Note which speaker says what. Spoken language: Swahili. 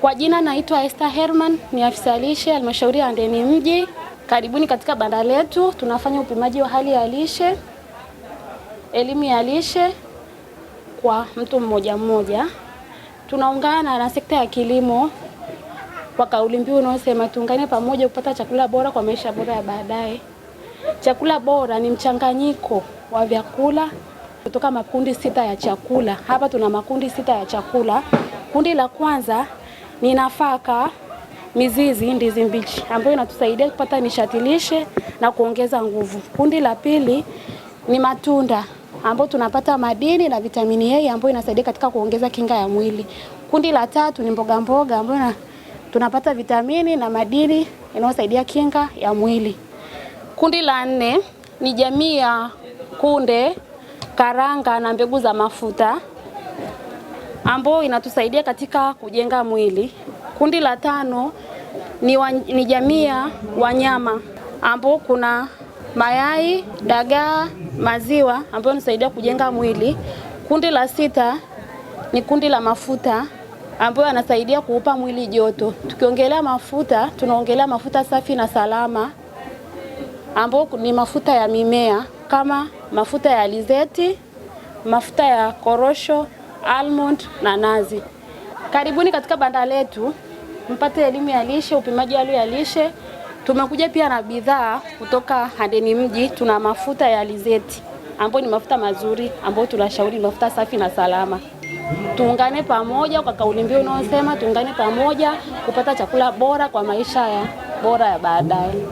Speaker 1: Kwa jina naitwa Esther Herman, ni afisa lishe halmashauri ya Handeni mji. Karibuni katika banda letu, tunafanya upimaji wa hali ya lishe, elimu ya lishe kwa mtu mmoja mmoja. Tunaungana na sekta ya kilimo kwa kauli mbiu unaosema tuungane pamoja kupata chakula bora kwa maisha bora ya baadaye. Chakula bora ni mchanganyiko wa vyakula kutoka makundi sita ya chakula. Hapa tuna makundi sita ya chakula. Kundi la kwanza ni nafaka, mizizi, ndizi mbichi ambayo inatusaidia kupata nishati lishe na kuongeza nguvu. Kundi la pili ni matunda ambayo tunapata madini na vitamini A ambayo inasaidia katika kuongeza kinga ya mwili. Kundi la tatu ni mboga mboga ambayo tunapata vitamini na madini inayosaidia kinga ya mwili. Kundi la nne ni jamii ya kunde, karanga na mbegu za mafuta ambayo inatusaidia katika kujenga mwili. Kundi la tano ni, wa, ni jamii ya wanyama ambao kuna mayai, dagaa, maziwa ambayo inasaidia kujenga mwili. Kundi la sita ni kundi la mafuta ambayo yanasaidia kuupa mwili joto. Tukiongelea mafuta, tunaongelea mafuta safi na salama ambayo ni mafuta ya mimea kama mafuta ya alizeti, mafuta ya korosho almond na nazi. Karibuni katika banda letu mpate elimu ya lishe, upimaji wa ya lishe. Tumekuja pia na bidhaa kutoka Handeni Mji. Tuna mafuta ya alizeti ambayo ni mafuta mazuri ambayo tunashauri ni mafuta safi na salama. Tuungane pamoja kwa kauli mbiu unaosema tuungane pamoja kupata chakula bora kwa maisha ya bora ya baadaye.